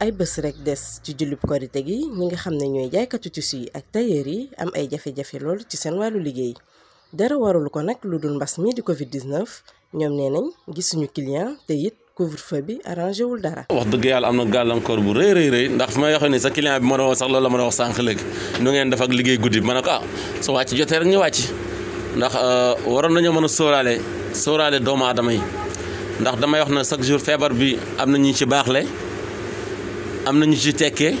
ay bés rek des ci jullub korite gi ñi ngi xam ne ñooy jaaykatu tissu yi ak tailleur yi am ay jafe-jafe lool ci seen wàllu liggéey dara warul ko nag lu dul mbas mi di Covid 19 ñoom nee nañ gisuñu client te it couvre-feu bi arrangé wul dara. wax dëgg yàlla am na gàllankoor bu rëy rëy ndax fu may waxee ni sa client bi ma doon wax sax loolu la ma doon wax sànq léegi nu ngeen def ak liggéey guddi ma ne ko ah su wàcc jotee rek ñu wàcc ndax euh, waroon nañoo mën a sóoraale sóoraale doomu aadama yi ndax damay wax ne chaque jour feebar bi am na ñu ci baaxle. am na ñu ci tekkee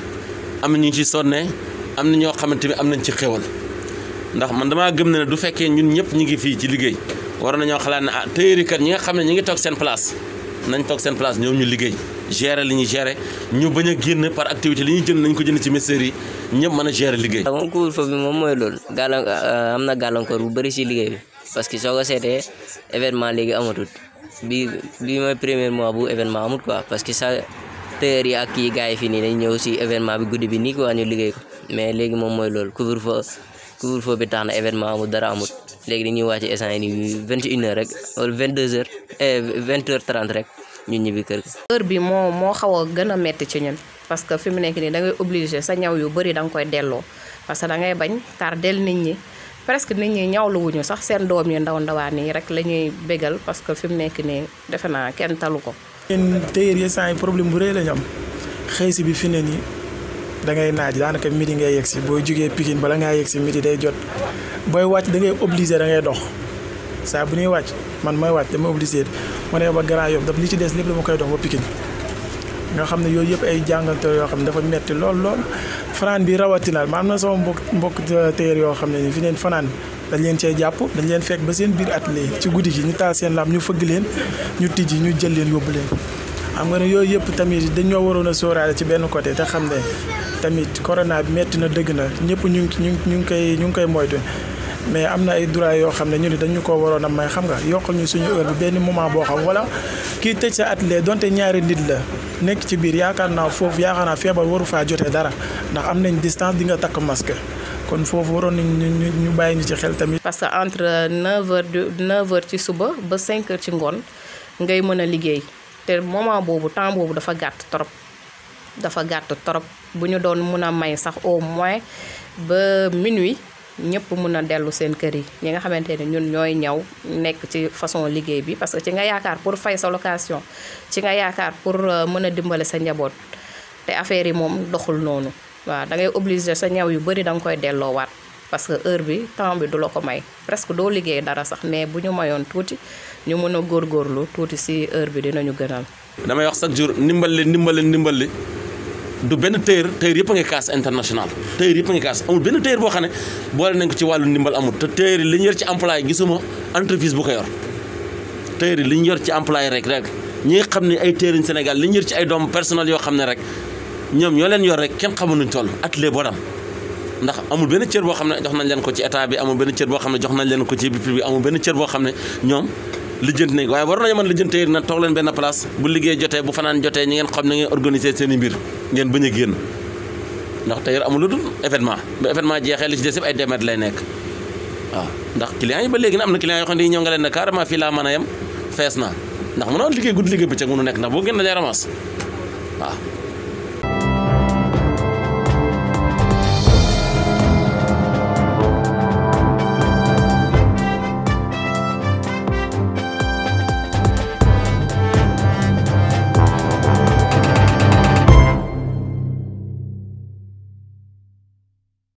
am na ñu ci sonnee am na ñoo xamante ni am nañ ci xéwal ndax man damaa gëm ne du fekkee ñun ñëpp ñu ngi fii ci liggéey war nañoo xalaat ne ah téyerikat ñi nga xam ne ñu ngi toog seen place nañ toog seen place ñoom ñu liggéey gérer li ñuy gérer ñu bañ a génn par activité li ñu jënd nañ ko jënd ci mesures yi ñëpp mën a gérer liggéey. moom couvre-feu moom mooy loolu gàllank euh, am na gàllankoor bu bëri si liggéey bi parce que soo ko seetee événement léegi amatul bi bi mooy premier parce que ça. acteurs yi ak kii gars yi fii nii ñëw si événement bi guddi bi nii quoi ñu liggéey ko mais léegi moom mooy lool couvre feu couvre feu bi tax na événement amul dara amul léegi dañuy wàcc instant yi nii vingt et une heures rek wala eh, vingt rek ñun ñibbi kër gi. bi moo moo xaw gën a métti ci ñun parce que fi mu nekk nii da ngay obligé sa ñaw yu bëri da nga koy delloo parce que da ngay bañ dell nit ñi. presque nit ñi ñawlu wuñu sax seen doom yi ndaw ndawaan yi rek la ñuy bégal parce que fi mu nekk nii de naa kenn talu ko ñun téyeer yi saa yi problème bu rëy la ñu am xëy si bi fi ne nii da ngay naaj daanaka midi ngay yegg si boo jugee Pikine bala ngaa yegg si midi day jot booy wàcc da ngay obligé da ngay dox saa bu ñuy wàcc man mooy wàcc dama obligé ma ne ba Grand Yoff daf li ci des lépp dama koy dox ba Pikine nga xam ne yooyu yëpp ay jàngante yoo xam ne dafa metti lool lool fanaan bi rawatinaal ma am na sama mbokk mbokk téyeer yoo xam ne ni fi neen fanaan dañ leen cee jàpp dañ leen fekk ba seen biir atelier ci guddi gi ñu taal seen lam ñu fëgg leen ñu tijji ñu jël leen yóbbu leen. xam nga ne yooyu yëpp tamit ñoo waroon a sóoraale ci benn côté te xam ne tamit corona bi metti na dëgg na ñëpp ñu ngi ñu ñu ngi koy ñu ngi koy moytu. mais am na ay droit yoo xam ne ñu ni dañu ko waroon a may xam nga yokkal ñu suñu heure bi benn moment boo xam wala kii tëj sa atelier donte ñaari nit la nekk ci biir yaakaar naa foofu yaakaar naa feebar waru faa jotee dara ndax am nañ di nga takk masque. kon foofu waroon nañ ñu ñu bàyyi ñu ci xel tamit. parce que entre 9h du 9 ci suba ba 5 ci ngoon ngay mën a liggéey te moment boobu temps boobu dafa gàtt trop dafa gàtt trop bu ñu doon mën a may sax au moins ba minuit ñëpp mën a dellu seen kër yi ñi nga xamante ne ñun ñooy ñaw nekk ci façon liggéey bi parce que ci nga yaakaar pour fay sa location ci nga yaakaar pour euh, mën a dimbale sa njaboot. te affaire yi moom doxul noonu waaw da ngay obligé sa ñaw yu bëri da nga koy delloowaat parce que heure bi temps du la ko may presque doo liggéey dara sax mais bu ñu mayoon tuuti ñu mën a góor góorlu tuuti si heure bi dinañu gënal. damay wax chaque jour ndimbal li ndimbal li ndimbal du benn tailleur tailleur yëpp a ngi kaas international tailleur yëpp a ngi kaas amul benn tailleur boo xam ne boole nañ ko ci wàllu ndimbal amul te tailleur yi li ñu yor ci employé gisuma entreprise bu ko yor tailleur li ñu yor ci employé rek rek ñi nga xam ne ay tailleur Sénégal li ñu ci ay doomu personnel yoo xam ne rek ñoom ñoo leen yor rek kenn xamul nuñ toll at lee boram ndax amul benn cër boo xam ne jox nañ leen ko ci état bi amul benn cër boo xam ne jox nañ leen ko ci bi bi amul benn cër boo xam ne ñoom lijjanti nañ ko waaye war nañu mën lijjantee na leen benn place bu liggéey fanaan jotee ñi ngeen xam ne ngeen organiser seen i mbir ngeen bañ a amul lu dul événement ba événement jeexee li ci des ay demet lay nekk waaw ndax clients yi ba léegi na am na clients yoo xam ne ñëw nga leen ne carrément fii laa mën a yem fees na ndax mënoo liggéey guddi liggéey bëccëg mënu nekk ndax boo génn day ramas waaw